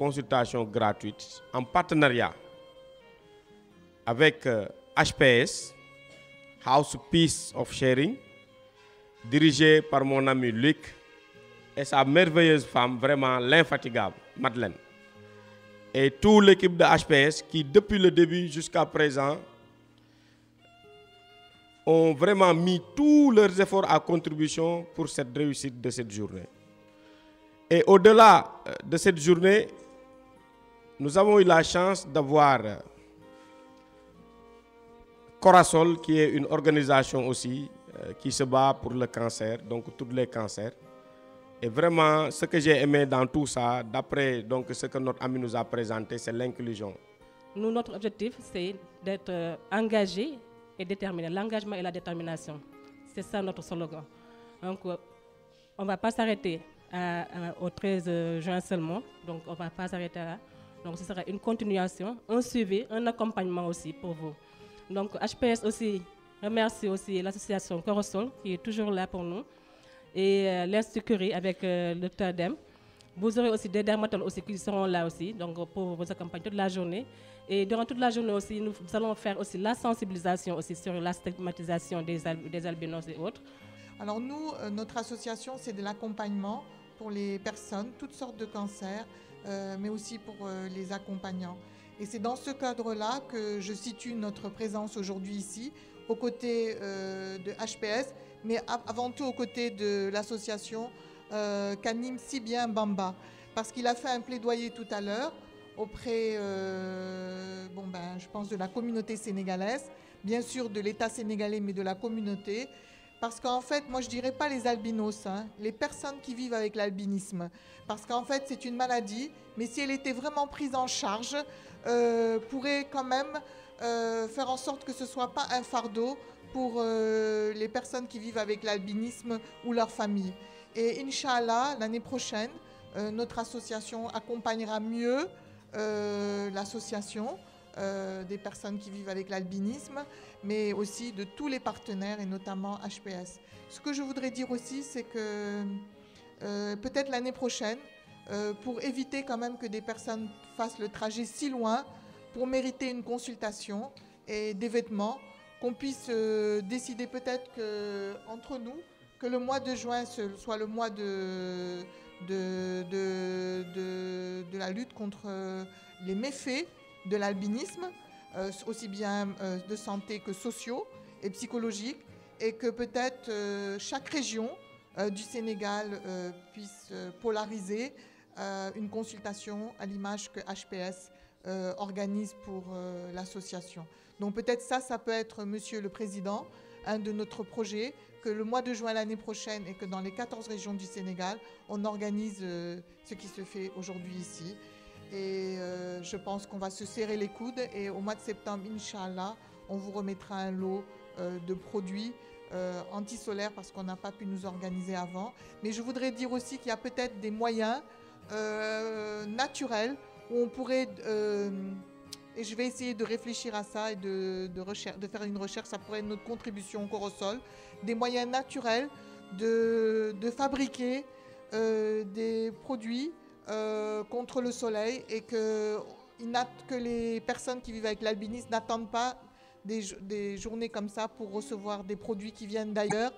consultation gratuite en partenariat avec HPS, euh, House Peace of Sharing, dirigé par mon ami Luc et sa merveilleuse femme, vraiment l'infatigable, Madeleine. Et toute l'équipe de HPS qui, depuis le début jusqu'à présent, ont vraiment mis tous leurs efforts à contribution pour cette réussite de cette journée. Et au-delà euh, de cette journée, nous avons eu la chance d'avoir Corasol, qui est une organisation aussi euh, qui se bat pour le cancer, donc tous les cancers. Et vraiment, ce que j'ai aimé dans tout ça, d'après donc ce que notre ami nous a présenté, c'est l'inclusion. Nous, notre objectif, c'est d'être euh, engagés et déterminés. L'engagement et la détermination, c'est ça notre slogan. Donc, euh, on ne va pas s'arrêter au 13 juin seulement. Donc, on ne va pas s'arrêter là. Donc ce sera une continuation, un suivi, un accompagnement aussi pour vous. Donc HPS aussi remercie aussi l'association Corosol qui est toujours là pour nous et euh, avec euh, le Dr Dem. Vous aurez aussi des dermatologues aussi qui seront là aussi donc pour vous accompagner toute la journée. Et durant toute la journée aussi, nous, allons faire aussi la sensibilisation aussi sur la stigmatisation des, des albinos et autres. Alors nous, euh, notre association, c'est de l'accompagnement pour les personnes, toutes sortes de cancers, euh, mais aussi pour euh, les accompagnants. Et c'est dans ce cadre-là que je situe notre présence aujourd'hui ici, aux côtés euh, de HPS, mais avant tout aux côtés de l'association qu'anime si bien Bamba. Parce qu'il a fait un plaidoyer tout à l'heure auprès, bon ben, je pense, de la communauté sénégalaise, bien sûr de l'État sénégalais, mais de la communauté, parce qu'en fait, moi je dirais pas les albinos, hein, les personnes qui vivent avec l'albinisme. Parce qu'en fait, c'est une maladie, mais si elle était vraiment prise en charge, euh, pourrait quand même euh, faire en sorte que ce soit pas un fardeau pour euh, les personnes qui vivent avec l'albinisme ou leur famille. Et Inch'Allah, l'année prochaine, notre association accompagnera mieux l'association euh, des personnes qui vivent avec l'albinisme, mais aussi de tous les partenaires et notamment HPS. Ce que je voudrais dire aussi, c'est que euh, peut-être l'année prochaine, euh, pour éviter quand même que des personnes fassent le trajet si loin, pour mériter une consultation et des vêtements, qu'on puisse décider peut-être que entre nous, que le mois de juin soit le mois de la lutte contre les méfaits de l'albinisme, euh, aussi bien euh, de santé que sociaux et psychologiques, et que peut-être euh, chaque région du Sénégal puisse polariser une consultation à l'image que HPS organise pour l'association. Donc peut-être ça, ça peut être, Monsieur le Président, un de notre projet, que le mois de juin l'année prochaine et que dans les 14 régions du Sénégal, on organise ce qui se fait aujourd'hui ici et euh, je pense qu'on va se serrer les coudes. Et au mois de septembre, Inch'Allah, on vous remettra un lot euh, de produits euh, anti solaires parce qu'on n'a pas pu nous organiser avant. Mais je voudrais dire aussi qu'il y a peut-être des moyens naturels où on pourrait. et je vais essayer de réfléchir à ça et de, de faire une recherche. Ça pourrait être notre contribution au sol. Des moyens naturels de fabriquer des produits euh, contre le soleil et que, que les personnes qui vivent avec l'albinisme n'attendent pas des, journées comme ça pour recevoir des produits qui viennent d'ailleurs,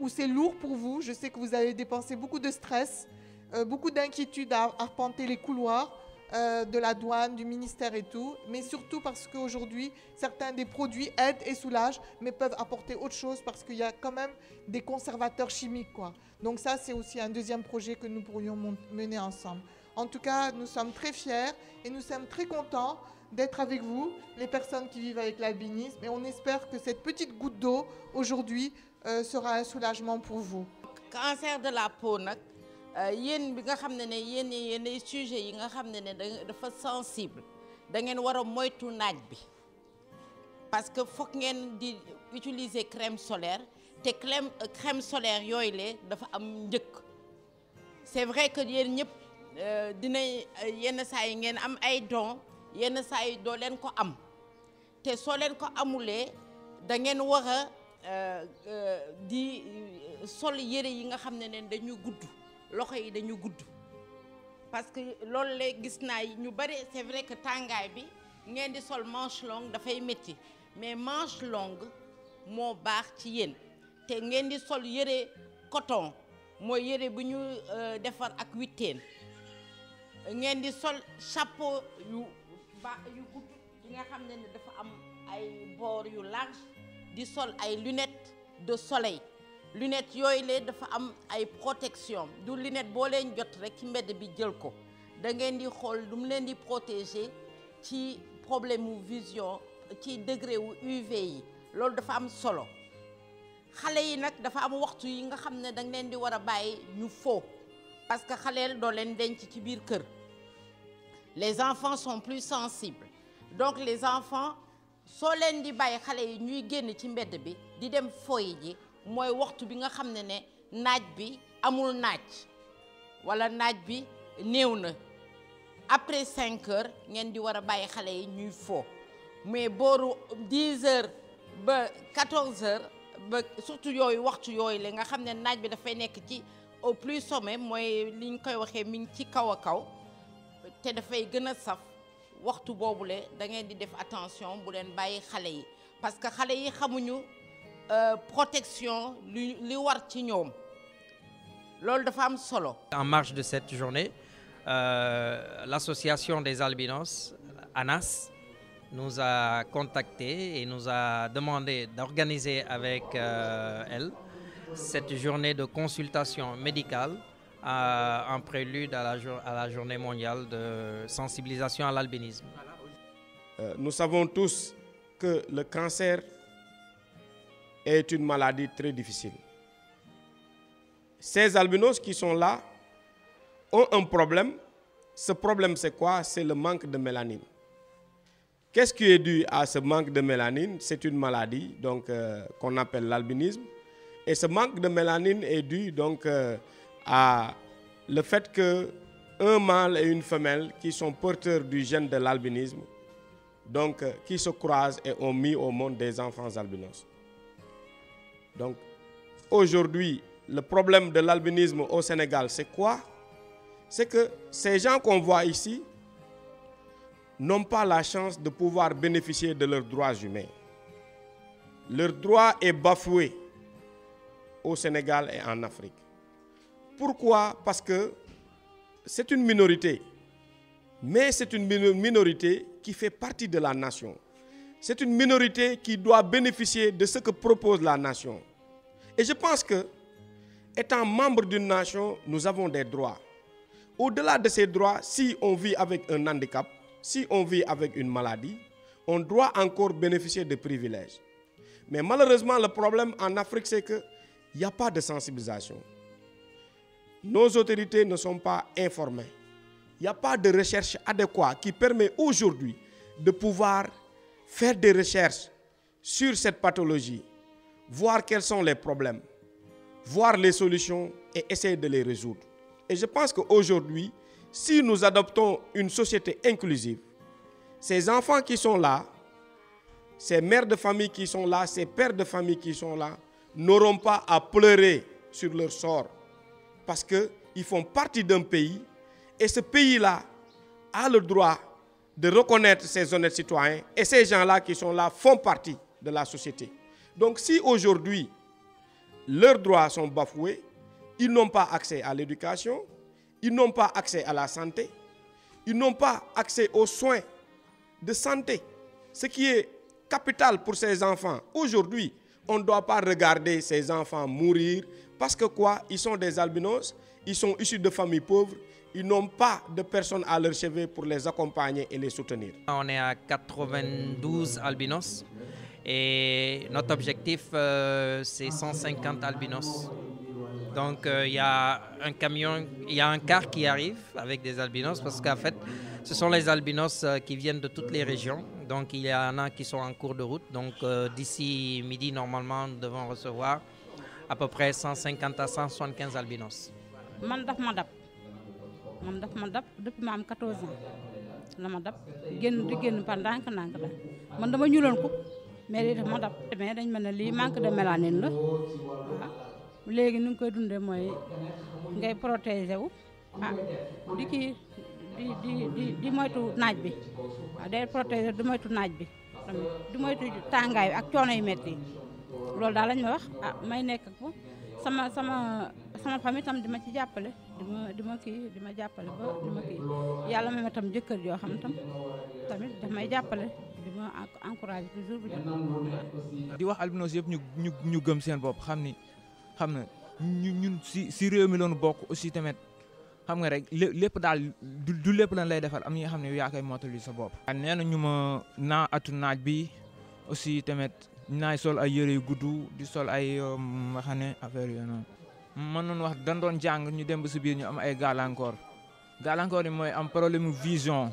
Ou c'est lourd pour vous. Je sais que vous avez dépensé beaucoup de stress, euh, beaucoup d'inquiétude à arpenter les couloirs. Euh, de la douane, du ministère et tout, mais surtout parce qu'aujourd'hui, certains des produits aident et soulagent, mais peuvent apporter autre chose parce qu'il y a quand même des conservateurs chimiques. Quoi. Donc ça, c'est aussi un deuxième projet que nous pourrions mener ensemble. En tout cas, nous sommes très fiers et nous sommes très contents d'être avec vous, les personnes qui vivent avec l'albinisme, et on espère que cette petite goutte d'eau aujourd'hui euh, sera un soulagement pour vous. Cancer de la peau, euh, yéen bi nga xamné né ne yéen yenn sujet yi nga xamné né dafa sensible da ngeen war a moytu naaj bi parce que foog ngeen di utiliser crème solaire te crème crème solaire yooyu le dafa am njëkk c'est vrai que yéen ñëpp euh, dina yenn saa yi ngeen am ay don yenn saa yi doo leen ko am te soo leen ko amulee da ngeen war a euh, di sol yére yi nga xam ne ne dañu gudd loxo yi dañu parce que c'est vrai que tàngaay bi ngeen di sol manche longue dafay mais manche longue moo baax ci yéen te ngeen di sol en coton mooy bu ñu euh, ak di sol chapeau yu large lunettes de soleil Lunettes lunettes, sont dafa am protection du lunettes jot rek mbedd bi ko da ngeen di protéger problème ou vision ci degré UV solo yi dafa am waxtu yi nga parce que les enfants sont plus sensibles donc les enfants di yi ñuy génn ci mbedd moy waxtu bi nga xam ne naaj bi amul naaj wala naaj bi néew na après 5 heures ngeen di wara baye xalé yi ñuy fo mais boru 10 heures ba 14 heures ba surtout yoy waxtu yoy la nga xam naaj bi da fay nekk ci au plus sommet moy liñ koy waxee miñ ci kawa a kaw te dafay gën a saf waxtu bobu boobule da ngeen di def attention bu len baye xalé yi parce que xalé yi xamuñu. Euh, protection li war solo. en marge de cette journée euh, l'association des albinos ANAS nous a contacté et nous a demandé d'organiser avec euh, elle cette journée de consultation médicale en prélude à la, à la journée mondiale de sensibilisation à l'albinisme. Nous savons tous que le cancer est une maladie très difficile. Ces albinos qui sont là ont un problème. Ce problème, c'est quoi C'est le manque de mélanine. Qu'est-ce qui est dû à ce manque de mélanine C'est une maladie donc euh, qu'on appelle l'albinisme. Et ce manque de mélanine est dû donc euh, à le fait que un mâle et une femelle qui sont porteurs du gène de l'albinisme, donc euh, qui se croisent et ont mis au monde des enfants albinos. Donc, aujourd'hui, le problème de l'albinisme au Sénégal, c'est quoi C'est que ces gens qu'on voit ici n'ont pas la chance de pouvoir bénéficier de leurs droits humains. Leur droit est bafoué au Sénégal et en Afrique. Pourquoi Parce que c'est une minorité, mais c'est une minorité qui fait partie de la nation c'est une minorité qui doit bénéficier de ce que propose la nation. Et je pense que, étant membre d'une nation, nous avons des droits. Au-delà de ces droits, si on vit avec un handicap, si on vit avec une maladie, on doit encore bénéficier de privilèges. Mais malheureusement, le problème en Afrique, c'est qu'il n'y a pas de sensibilisation. Nos autorités ne sont pas informées. Il n'y a pas de recherche adéquate qui permet aujourd'hui de pouvoir faire des recherches sur cette pathologie, voir quels sont les problèmes, voir les solutions et essayer de les résoudre. Et je pense qu'aujourd'hui, si nous adoptons une société inclusive, ces enfants qui sont là, ces mères de famille qui sont là, ces pères de famille qui sont là, n'auront pas à pleurer sur leur sort. Parce qu'ils font partie d'un pays et ce pays-là a le droit de reconnaître ces honnêtes citoyens et ces gens-là qui sont là font partie de la société. Donc si aujourd'hui leurs droits sont bafoués, ils n'ont pas accès à l'éducation, ils n'ont pas accès à la santé, ils n'ont pas accès aux soins de santé, ce qui est capital pour ces enfants. Aujourd'hui, on ne doit pas regarder ces enfants mourir parce que quoi Ils sont des albinos, ils sont issus de familles pauvres, ils n'ont pas de personnes à leur chevet pour les accompagner et les soutenir. On est à 92 albinos et notre objectif, euh, c'est 150 albinos. Donc euh, il y a un camion, il y a un car qui arrive avec des albinos parce qu'en fait, ce sont les albinos euh, qui viennent de toutes les régions. Donc il y en a qui sont en cours de route. Donc d'ici midi, normalement, nous devons recevoir à peu près 150 à 175 albinos. man daf ma dab depuis ma am 14 ans la ma dab génn di génn par ndànk-ndànk daal man dama ñuuloon ko mais lii daf ma dab mais eh dañ mel ne lii manque de mélanine la waaw léegi nu ngi koy dundee mooy ngay protéger wu ah di kii di di di di naaj bi waaw day di moytu naaj bi tamit di moytu tàngaay bi ak coono yi metti yi loolu daal lañ ma wax ah may nekk ko sama sama sama famille tam di ma ci jàppale di ma di ma kii di ma jàppale yàlla ma tam jëkkër joo xam tam tamit daf may jàppale di ma encouragé toujours. di wax albinos yëpp ñu ñu ñu gëm seen bopp xam ni xam na ñu ñun si si réew mi loonu bokk aussi tamit xam nga rek lépp daal du lépp lan lay defar am ñi nga xam ne yaa koy mottali sa bopp. nee ñu ma naa atu naaj bi aussi tamit. naay sol ay yëre yu gudd di sol ay waxane um, affaire yooyu noonu mën nañu wax dañ doon jàng ñu demb ba si biir ñu am ay gàllankoor gàllankoor yi mooy am problème vision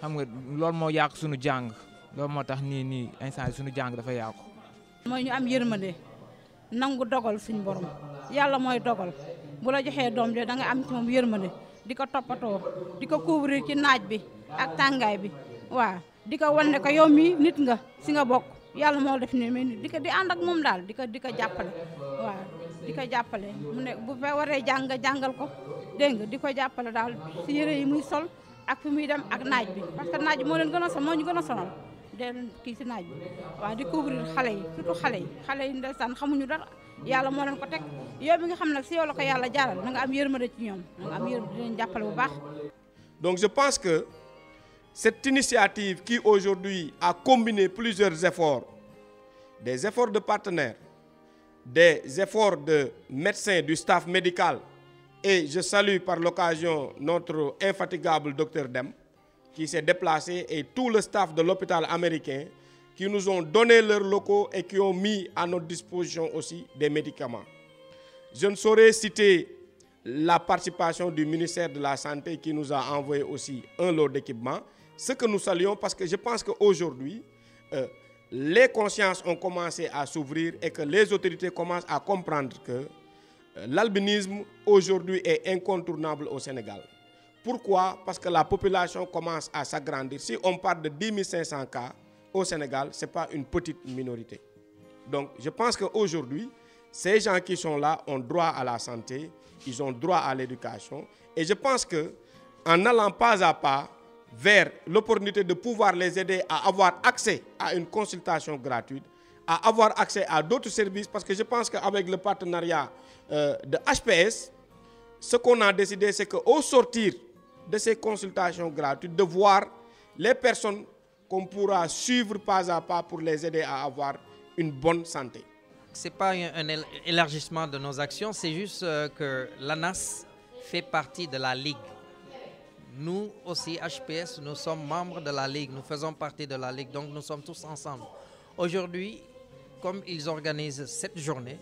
xam nga lool moo yàq sunu jàng loolu moo tax nii nii instant suñu jàng dafa yàqu. mooy ñu am yërmande nangu dogal suñu borom yàlla mooy dogal bu la joxee doom de da am ci moom yërmande di ko toppatoo di ko couvrir ci naaj bi ak tàngaay bi waaw di ko ne ko nit nga si nga bokk. yàlla moo def ne mel ni di ko di ànd ak moom daal di ko di ko jàppale waaw di ko jàppale mu ne bu fe waree jàng jàngal ko dégg nga di ko jàppale daal si yére yi muy sol ak fi muy dem ak naaj bi parce que naaj bi moo leen gën a sonal moo ñu gën a sonal dee leen kii si naaj bi waaw di couvrir xale yi surtout xale yi xale yi ndeysaan xamuñu dara yàlla moo leen ko teg yow bi nga xam nag si yow ko yàlla jaaral na nga am yërmande ci ñoom na nga am yërmande di leen jàppale bu baax Cette initiative qui aujourd'hui a combiné plusieurs efforts, des efforts de partenaires, des efforts de médecins, du staff médical, et je salue par l'occasion notre infatigable docteur Dem, qui s'est déplacé, et tout le staff de l'hôpital américain, qui nous ont donné leurs locaux et qui ont mis à notre disposition aussi des médicaments. Je ne saurais citer la participation du ministère de la Santé qui nous a envoyé aussi un lot d'équipements ce que nous saluons parce que je pense qu'aujourd'hui, euh, les consciences ont commencé à s'ouvrir et que les autorités commencent à comprendre que euh, l'albinisme aujourd'hui est incontournable au Sénégal. Pourquoi Parce que la population commence à s'agrandir. Si on parle de 10 500 cas au Sénégal, ce n'est pas une petite minorité. Donc je pense qu'aujourd'hui, ces gens qui sont là ont droit à la santé, ils ont droit à l'éducation. Et je pense que en allant pas à pas, vers l'opportunité de pouvoir les aider à avoir accès à une consultation gratuite, à avoir accès à d'autres services, parce que je pense qu'avec le partenariat euh, de HPS, ce qu'on a décidé, c'est qu'au sortir de ces consultations gratuites, de voir les personnes qu'on pourra suivre pas à pas pour les aider à avoir une bonne santé. Ce n'est pas un élargissement de nos actions, c'est juste euh, que l'ANAS fait partie de la Ligue nous aussi, HPS, nous sommes membres de la Ligue, nous faisons partie de la Ligue, donc nous sommes tous ensemble. Aujourd'hui, comme ils organisent cette journée,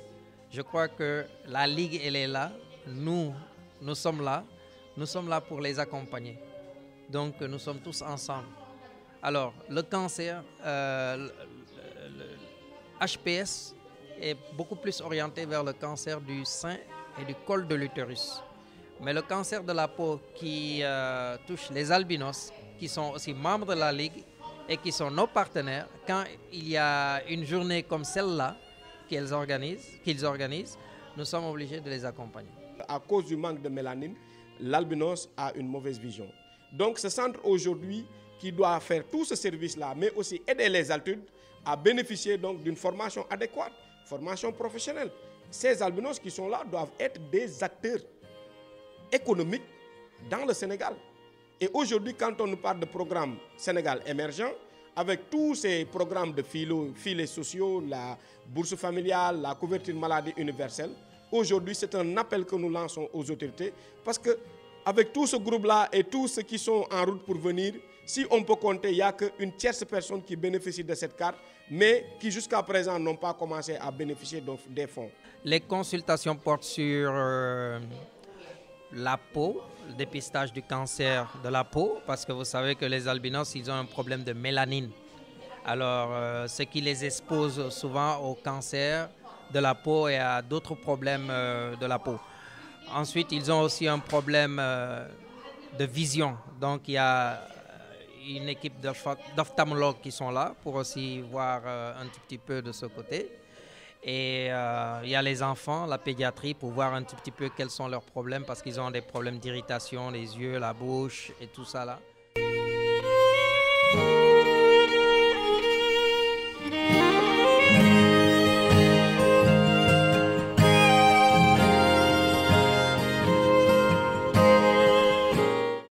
je crois que la Ligue, elle est là, nous, nous sommes là, nous sommes là pour les accompagner. Donc nous sommes tous ensemble. Alors, le cancer, HPS euh, est beaucoup plus orienté vers le cancer du sein et du col de l'utérus. Mais le cancer de la peau qui euh, touche les albinos, qui sont aussi membres de la Ligue et qui sont nos partenaires, quand il y a une journée comme celle-là qu'ils organisent, qu'ils organisent, nous sommes obligés de les accompagner. À cause du manque de mélanine, l'albinos a une mauvaise vision. Donc ce centre aujourd'hui qui doit faire tout ce service-là, mais aussi aider les altitudes à bénéficier donc d'une formation adéquate, formation professionnelle. Ces albinos qui sont là doivent être des acteurs économique dans le Sénégal. Et aujourd'hui, quand on nous parle de programme Sénégal émergent, avec tous ces programmes de filets sociaux, la bourse familiale, la couverture maladie universelle, aujourd'hui, c'est un appel que nous lançons aux autorités parce que avec tout ce groupe-là et tous ceux qui sont en route pour venir, si on peut compter, il n'y a qu'une tierce personne qui bénéficie de cette carte, mais qui jusqu'à présent n'ont pas commencé à bénéficier des fonds. Les consultations portent sur euh, la peau, le dépistage du cancer de la peau, parce que vous savez que les albinos, ils ont un problème de mélanine. Alors, euh, ce qui les expose souvent au cancer de la peau et à d'autres problèmes euh, de la peau. Ensuite, ils ont aussi un problème euh, de vision. Donc, il y a une équipe d'ophtalmologues qui sont là pour aussi voir un petit peu de ce côté. Et euh, il y a les enfants, la pédiatrie, pour voir un tout petit peu quels sont leurs problèmes, parce qu'ils ont des problèmes d'irritation, les yeux, la bouche et tout ça là.